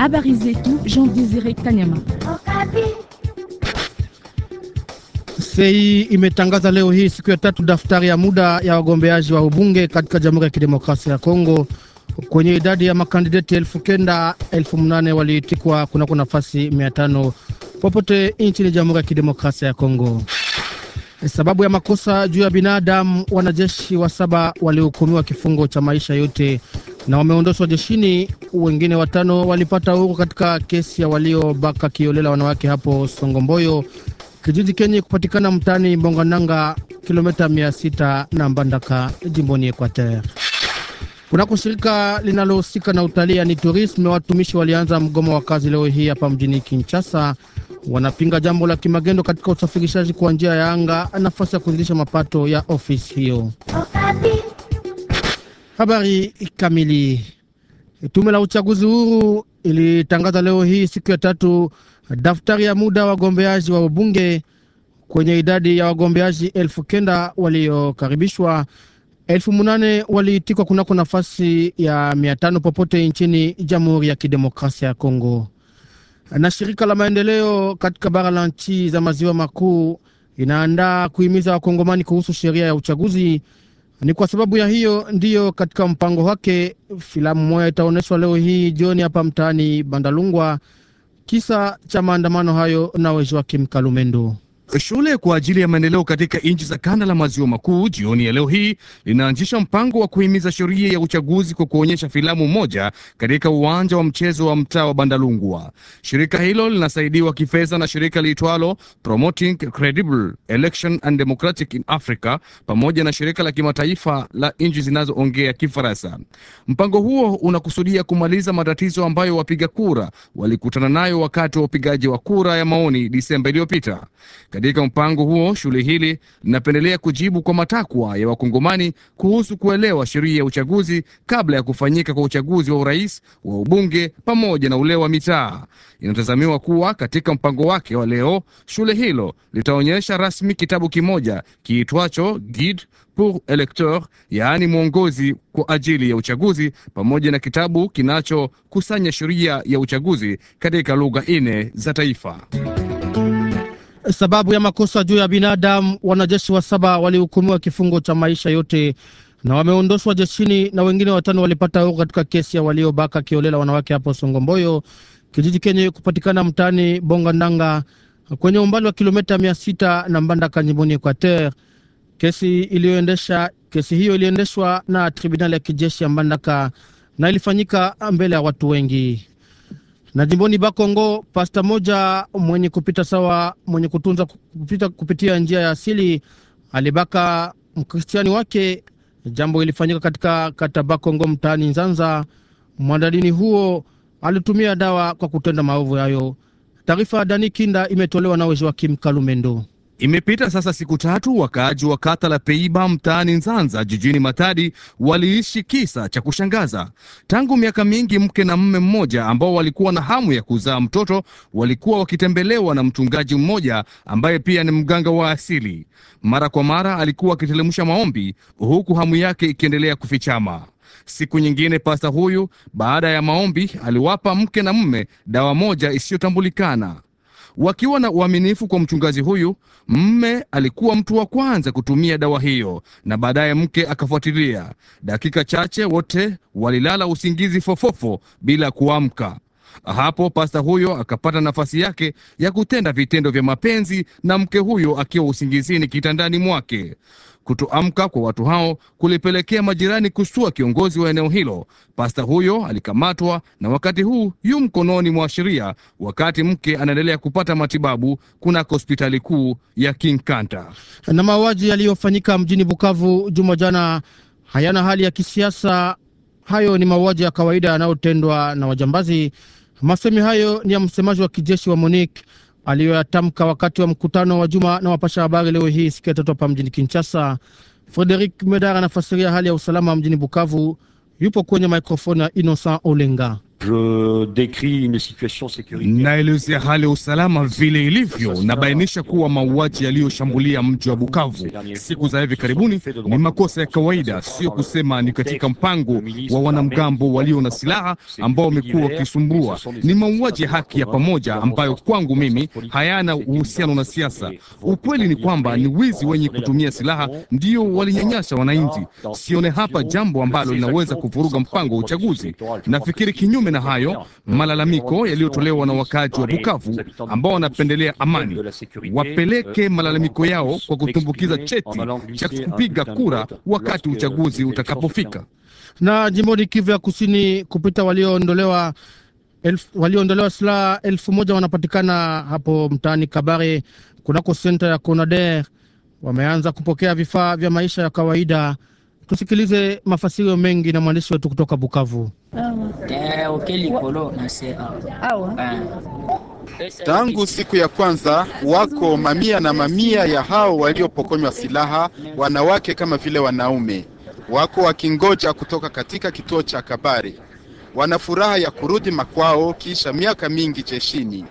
Habari tout, Jean Desire Kanyama. Sei imetangaza leo hii siku ya tatu daftari ya muda ya wagombeaji wa ubunge katika Jamhuri ya Kidemokrasia ya Kongo. Kwenye idadi ya makandideti elfu kenda elfu mnane waliitikwa kunako nafasi mia tano popote nchini Jamhuri ya Kidemokrasia ya Kongo. Sababu ya makosa juu ya binadamu, wanajeshi wa saba walihukumiwa kifungo cha maisha yote na wameondoshwa jeshini. Wengine watano walipata uhuru katika kesi ya waliobaka kiolela wanawake hapo Songomboyo, kijiji kenye kupatikana mtaani Mbongananga, kilomita mia sita na Mbandaka, jimboni Equateur. Kunako shirika linalohusika na utalii yani tourisme, watumishi walianza mgomo wa kazi leo hii hapa mjini Kinshasa. Wanapinga jambo la kimagendo katika usafirishaji kwa njia ya anga, nafasi ya kuzidisha mapato ya ofisi hiyo. Habari kamili. Tume la uchaguzi huru ilitangaza leo hii siku ya tatu daftari ya muda wagombeaji wa ubunge kwenye idadi ya wagombeaji elfu kenda waliokaribishwa, elfu munane waliitikwa kunako nafasi ya mia tano popote nchini Jamhuri ya Kidemokrasia ya Kongo. Na shirika la maendeleo katika bara la nchi za maziwa makuu inaandaa kuhimiza wakongomani kuhusu sheria ya uchaguzi ni kwa sababu ya hiyo ndiyo katika mpango wake filamu moja itaonyeshwa leo hii jioni hapa mtaani Bandalungwa, kisa cha maandamano hayo na Kim Kalumendo. Shule kwa ajili ya maendeleo katika nchi za kanda la maziwa makuu jioni ya leo hii linaanzisha mpango wa kuhimiza sheria ya uchaguzi kwa kuonyesha filamu moja katika uwanja wa mchezo wa mtaa wa Bandalungwa. Shirika hilo linasaidiwa kifedha na shirika liitwalo Promoting Credible Election and Democratic in Africa pamoja na shirika la kimataifa la nchi zinazoongea Kifaransa. Mpango huo unakusudia kumaliza matatizo ambayo wapiga kura walikutana nayo wakati wa upigaji wa kura ya maoni Disemba iliyopita. Katika mpango huo, shule hili linapendelea kujibu kwa matakwa ya wakongomani kuhusu kuelewa sheria ya uchaguzi kabla ya kufanyika kwa uchaguzi wa urais, wa ubunge pamoja na ule wa mitaa. Inatazamiwa kuwa katika mpango wake wa leo, shule hilo litaonyesha rasmi kitabu kimoja kiitwacho Guide pour Electeur, yaani mwongozi kwa ajili ya uchaguzi, pamoja na kitabu kinachokusanya sheria ya uchaguzi katika lugha nne za taifa sababu ya makosa juu ya binadamu. Wanajeshi wa saba walihukumiwa kifungo cha maisha yote na wameondoshwa jeshini, na wengine watano walipata oga katika kesi ya waliobaka kiolela wanawake hapo Songomboyo, kijiji kenye kupatikana mtaani Bongandanga kwenye umbali wa kilomita mia sita na Mbandaka jimboni Equateur. Kesi iliyoendesha kesi hiyo iliendeshwa na tribunali ya kijeshi ya Mbandaka na ilifanyika mbele ya watu wengi. Na jimboni Bakongo, pasta moja mwenye kupita sawa mwenye kutunza kupita kupitia njia ya asili alibaka mkristiani wake. Jambo ilifanyika katika kata Bakongo mtaani Nzanza. Mwandadini huo alitumia dawa kwa kutenda maovu hayo. Taarifa ya Dani Kinda imetolewa na Joakim Kalumendo. Imepita sasa siku tatu, wakaaji wa kata la Peiba mtaani Nzanza jijini Matadi waliishi kisa cha kushangaza. Tangu miaka mingi, mke na mme mmoja ambao walikuwa na hamu ya kuzaa mtoto walikuwa wakitembelewa na mchungaji mmoja ambaye pia ni mganga wa asili. Mara kwa mara alikuwa akitelemsha maombi, huku hamu yake ikiendelea kufichama. Siku nyingine pasta huyu, baada ya maombi, aliwapa mke na mme dawa moja isiyotambulikana. Wakiwa na uaminifu kwa mchungaji huyu, mme alikuwa mtu wa kwanza kutumia dawa hiyo na baadaye mke akafuatilia. Dakika chache wote walilala usingizi fofofo bila kuamka. Hapo pasta huyo akapata nafasi yake ya kutenda vitendo vya mapenzi na mke huyo akiwa usingizini kitandani mwake. Kutoamka kwa watu hao kulipelekea majirani kustua kiongozi wa eneo hilo. Pasta huyo alikamatwa na wakati huu yu mkononi mwa sheria, wakati mke anaendelea kupata matibabu kunako hospitali kuu ya kinkanta Na mauaji yaliyofanyika mjini Bukavu juma jana hayana hali ya kisiasa. Hayo ni mauaji ya kawaida yanayotendwa na wajambazi Masemi hayo ni ya msemaji wa kijeshi wa MONUC aliyoyatamka wakati wa mkutano wa juma na wapasha habari leo hii siku ya tatu hapa mjini Kinshasa. Frederic Medar anafasiria hali ya usalama mjini Bukavu, yupo kwenye microfone ya Innocent Olenga. Je décris une situation sécuritaire. Naelezea hali ya usalama vile ilivyo, nabainisha kuwa mauaji yaliyoshambulia mji wa Bukavu siku za hivi karibuni ni makosa ya kawaida, sio kusema ni katika mpango wa wanamgambo walio na silaha ambao wamekuwa wakisumbua. Ni mauaji ya haki ya pamoja ambayo kwangu mimi hayana uhusiano na siasa. Ukweli ni kwamba ni wizi wenye kutumia silaha ndio walinyanyasa wananchi. Sione hapa jambo ambalo linaweza kuvuruga mpango wa uchaguzi. Nafikiri kinyume Kinyume na hayo, eh, malalamiko yaliyotolewa na wakaaji wa Bukavu ambao wanapendelea amani wapeleke euh, malalamiko yao kwa kutumbukiza cheti cha kupiga kura wakati uchaguzi utakapofika. Na jimboni Kivu ya Kusini, kupita walioondolewa walioondolewa silaha elfu moja wanapatikana hapo mtaani Kabare kunako senta ya Conader. Wameanza kupokea vifaa vya maisha ya kawaida. Tusikilize mafasirio mengi na mwandishi wetu kutoka Bukavu. Eh, eh. Tangu siku ya kwanza wako mamia na mamia ya hao waliopokonywa silaha, wanawake kama vile wanaume, wako wakingoja kutoka katika kituo cha Kabare. Wana furaha ya kurudi makwao kisha miaka mingi jeshini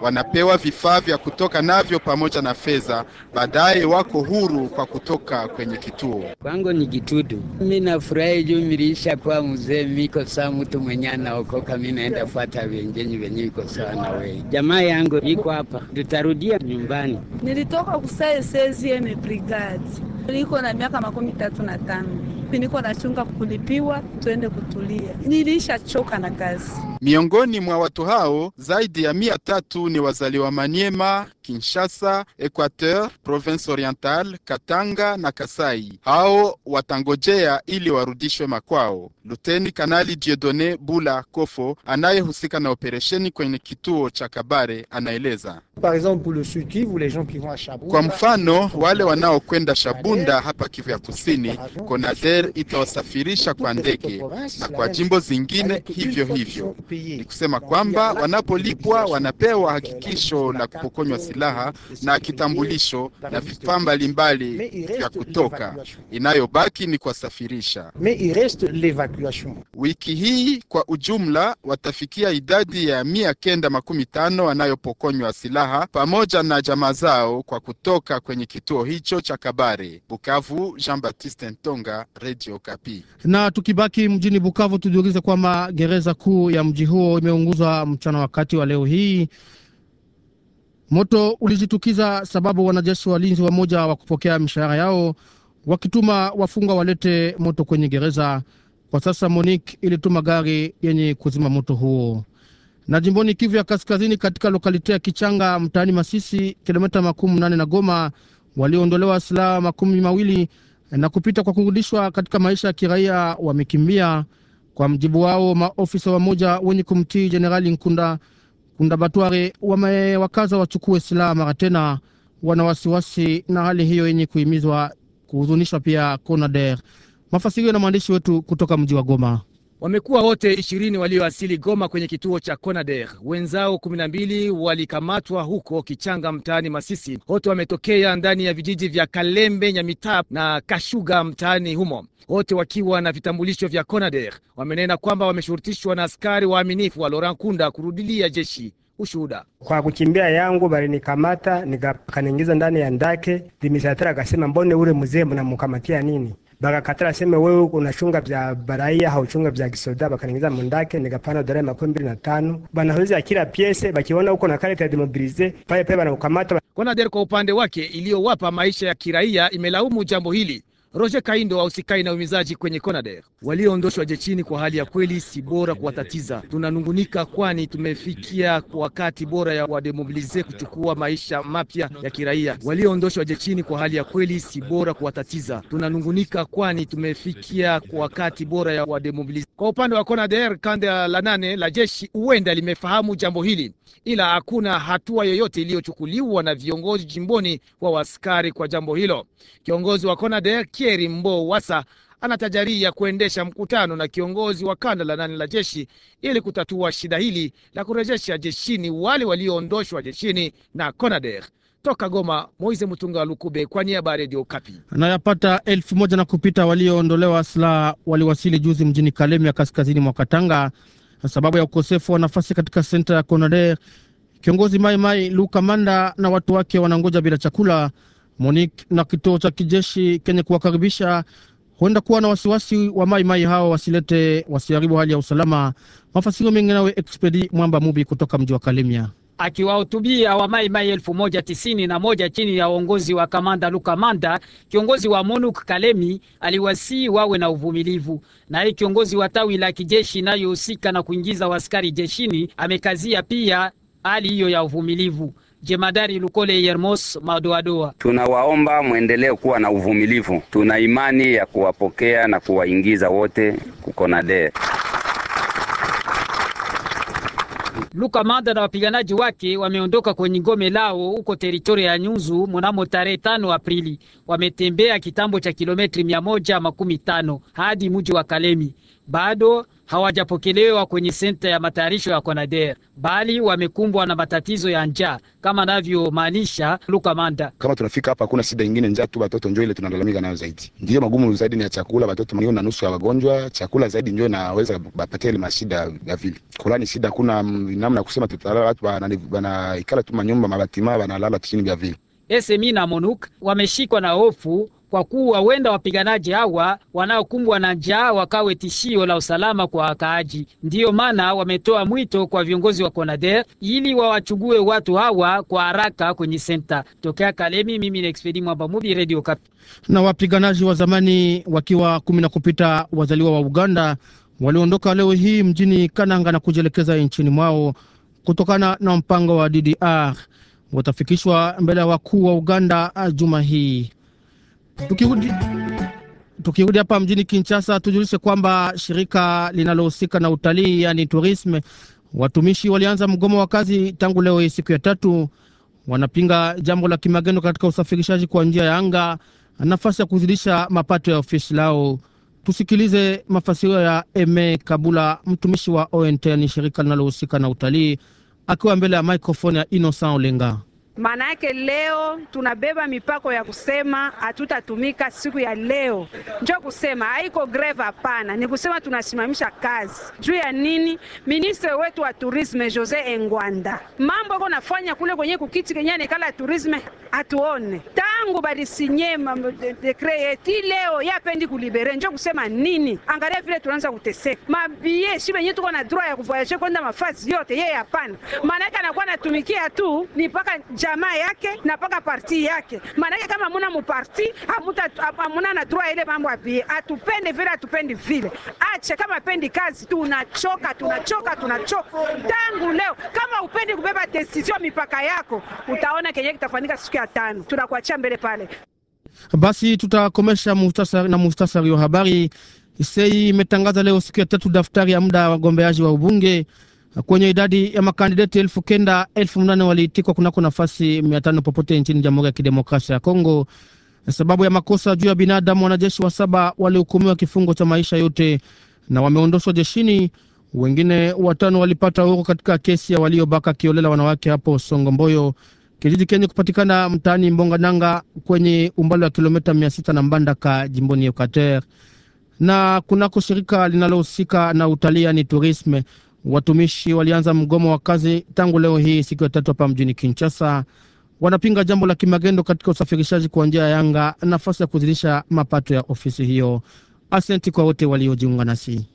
wanapewa vifaa vya kutoka navyo pamoja na fedha, baadaye wako huru kwa kutoka kwenye kituo. Kwangu ni kitudu, mi nafurahi juu milisha kuwa mzee, miko saa mtu mwenye anaokoka. Mi naenda fata wenjenyi wenye iko sawa na wee. jamaa yangu iko hapa, tutarudia nyumbani. Nilitoka kusaesesieme brigade, niko na miaka makumi tatu na tano niko nachunga kulipiwa, tuende kutulia, choka na kazi Miongoni mwa watu hao zaidi ya mia tatu ni wazaliwa Maniema, Kinshasa, Equateur, Province Oriental, Katanga na Kasai. Hao watangojea ili warudishwe makwao. Luteni Kanali Diedone Bula Kofo anayehusika na operesheni kwenye kituo cha Kabare anaeleza. Kwa mfano, wale wanaokwenda Shabunda hapa Kivu ya Kusini, Konader itawasafirisha kwa ndege na kwa jimbo zingine hivyo hivyo ni kusema kwamba wanapolipwa wanapewa hakikisho la kupokonywa silaha na kitambulisho na vifaa mbalimbali vya kutoka. Inayobaki ni kuwasafirisha. Wiki hii kwa ujumla watafikia idadi ya mia kenda makumi tano wanayopokonywa silaha pamoja na jamaa zao kwa kutoka kwenye kituo hicho cha Kabare. Bukavu, Jean Baptiste Ntonga, Radio Kapi. Na tukibaki mjini Bukavu, tujiulize kwamba gereza kuu ya mjini mji huo imeunguzwa mchana wakati wa leo hii. Moto ulijitukiza sababu wanajeshi walinzi wamoja wa kupokea mishahara yao wakituma wafungwa walete moto kwenye gereza. Kwa sasa Monik ilituma gari yenye kuzima moto huo. Na jimboni Kivu ya Kaskazini, katika lokalite ya Kichanga mtaani Masisi, kilomita makumi nane na Goma, walioondolewa silaha makumi mawili na kupita kwa kurudishwa katika maisha ya kiraia wamekimbia. Kwa mjibu wao, maofisa wamoja wenye kumtii Jenerali Nkunda Kundabatware wamewakaza wachukue silaha mara tena. Wana wasiwasi na hali hiyo yenye kuhimizwa kuhuzunishwa pia CONADER. Mafasirio na mwandishi wetu kutoka mji wa Goma. Wamekuwa wote ishirini walioasili Goma kwenye kituo cha Conader. Wenzao kumi na mbili walikamatwa huko Kichanga mtaani Masisi. Wote wametokea ndani ya vijiji vya Kalembe, Nyamitap na Kashuga mtaani humo, wote wakiwa na vitambulisho vya Conader. Wamenena kwamba wameshurutishwa na askari waaminifu wa Laurent Kunda kurudilia jeshi. Ushuhuda kwa kukimbia yangu balinikamata nikakaniingiza ndani ya ndake dimisatara akasema, mbone ule mzee mnamukamatia nini? bakakatala sema wewe unachunga vya baraia hauchunga vya kisoda, bakaningiza mundake nikapana dola makumi mbili na tano banaweza ya kila piese, bakiona uko na karete ya demobilize pale pale banakukamata. kwa upande wake iliyowapa maisha ya kiraia imelaumu jambo hili Roger Kaindo ausikai na umizaji kwenye Conader. Walioondoshwa jechini kwa hali ya kweli si bora kuwatatiza. Tunanungunika kwani tumefikia wakati bora ya wademobilize kuchukua maisha mapya ya kiraia. Walioondoshwa jechini kwa hali ya kweli si bora kuwatatiza. Tunanungunika kwani tumefikia wakati bora ya wademobilize. Kwa upande wa Conader, kande la nane la jeshi huenda limefahamu jambo hili, ila hakuna hatua yoyote iliyochukuliwa na viongozi jimboni wa waskari kwa jambo hilo. Kiongozi wa Conader Thieri Mbo Wasa ana kuendesha mkutano na kiongozi wa kanda la nane la jeshi ili kutatua shida hili la kurejesha jeshini wale walioondoshwa jeshini na CONADER. Toka Goma, Moise Mutunga Lukube kwa niaba ya Redio Kapi. Na elfu moja na kupita walioondolewa silaha waliwasili juzi mjini ya kaskazini mwa Katanga, sababu ya ukosefu wa nafasi katika senta ya CONADER. Kiongozi Maimai Luka Manda na watu wake wanangoja bila chakula MONUC na kituo cha kijeshi kenye kuwakaribisha huenda kuwa na wasiwasi wa maimai hao wasilete wasiharibu hali ya usalama. Mafasiro mengi nawe Expedi Mwamba Mubi kutoka mji wa Kalemia akiwahutubia wa mai mai elfu moja tisini na moja chini ya uongozi wa kamanda Luka Manda, kiongozi wa monuk Kalemi aliwasii wawe na uvumilivu. Naye kiongozi wa tawi la kijeshi inayohusika na kuingiza waskari jeshini amekazia pia hali hiyo ya uvumilivu. Jemadari Lukole Yermos Madoadoa, tunawaomba mwendelee kuwa na uvumilivu. Tuna imani ya kuwapokea na kuwaingiza wote kukonade. Luka Manda na wapiganaji wake wameondoka kwenye ngome lao huko teritoria ya Nyunzu mnamo tarehe tano Aprili. Wametembea kitambo cha kilometri mia moja makumi tano hadi mji wa Kalemi bado hawajapokelewa kwenye senta ya matayarisho ya Konader, bali wamekumbwa na matatizo ya njaa kama anavyomaanisha Luka Manda. Kama tunafika hapa, hakuna shida ingine, njaa tu watoto njo ile tunalalamika nayo zaidi. Ndiyo magumu zaidi ni ya chakula, watoto milioni na nusu ya wagonjwa, chakula zaidi njo inaweza bapatia ile mashida ya vile kulani. Shida hakuna namna kusema, tutalala watu wanaikala tu manyumba mabatima, wanalala chini vya vile. SME na MONUK wameshikwa na hofu kwa kuwa wenda wapiganaji hawa wanaokumbwa na njaa wakawe tishio la usalama kwa wakaaji. Ndiyo maana wametoa mwito kwa viongozi wa CONADER ili wawachugue watu hawa kwa haraka kwenye senta. Tokea Kalemi, mimi ni Expedi Mwamba Mubi, Radio Kapi. Na wapiganaji wa zamani wakiwa kumi na kupita wazaliwa wa Uganda waliondoka leo hii mjini Kananga na kujielekeza nchini mwao kutokana na mpango wa DDR. Watafikishwa mbele ya wakuu wa Uganda juma hii. Tukirudi tukirudi hapa mjini Kinshasa, tujulishe kwamba shirika linalohusika na utalii yani tourisme, watumishi walianza mgomo wa kazi tangu leo hii siku ya tatu. Wanapinga jambo la kimagendo katika usafirishaji kwa njia ya anga, nafasi ya kuzidisha mapato ya ofisi lao. Tusikilize mafasirio ya Eme Kabula, mtumishi wa ONT ni shirika linalohusika na utalii, akiwa mbele ya maikrofoni ya Innocent Olenga. Maana yake leo tunabeba mipako ya kusema hatutatumika siku ya leo, njo kusema haiko greve. Hapana, ni kusema tunasimamisha kazi juu ya nini? Ministre wetu wa tourisme Jose Engwanda, mambo ako nafanya kule kwenye kukiti kenye ya tourisme, atuone tangu balisinye dekre yeti leo yapendi kulibere, njo kusema nini? Angalia vile tunaanza kuteseka mabie, si benye tuko na droit ya kuvoyaje kwenda mafazi yote, yeye hapana. Maana yake anakuwa anatumikia tu ni mpaka jamaa yake na paka parti yake. Maanake kama hamuna muparti amuna na droit ile mambo apie, atupende vile atupendi vile, acha kama pendi kazi, tunachoka tunachoka tunachoka tangu leo. Kama upendi kubeba decision mipaka yako, utaona kenye kitafanyika siku ya tano, tunakuachia mbele pale. Basi tutakomesha muhtasari na muhtasari wa habari. Sei imetangaza leo siku ya tatu daftari ya muda wa wagombeaji wa ubunge. Kwenye idadi ya makandideti elfu kenda elfu mnane waliitikwa kunako nafasi mia tano popote nchini Jamhuri ya Kidemokrasia ya Kongo sababu ya makosa juu ya binadamu. Wanajeshi wa saba walihukumiwa kifungo cha maisha yote na wameondoshwa jeshini. Wengine watano walipata uhuru katika kesi ya waliobaka kiolela wanawake hapo Songomboyo, kijiji kenye kupatikana mtaani Mbongananga kwenye umbali wa kilomita mia sita na Mbandaka jimboni Ekater Na kunako shirika linalohusika na utalii ni tourisme Watumishi walianza mgomo wa kazi tangu leo hii siku ya tatu hapa mjini Kinshasa. Wanapinga jambo la kimagendo katika usafirishaji kwa njia ya yanga nafasi ya kuzidisha mapato ya ofisi hiyo. asenti kwa wote waliojiunga nasi.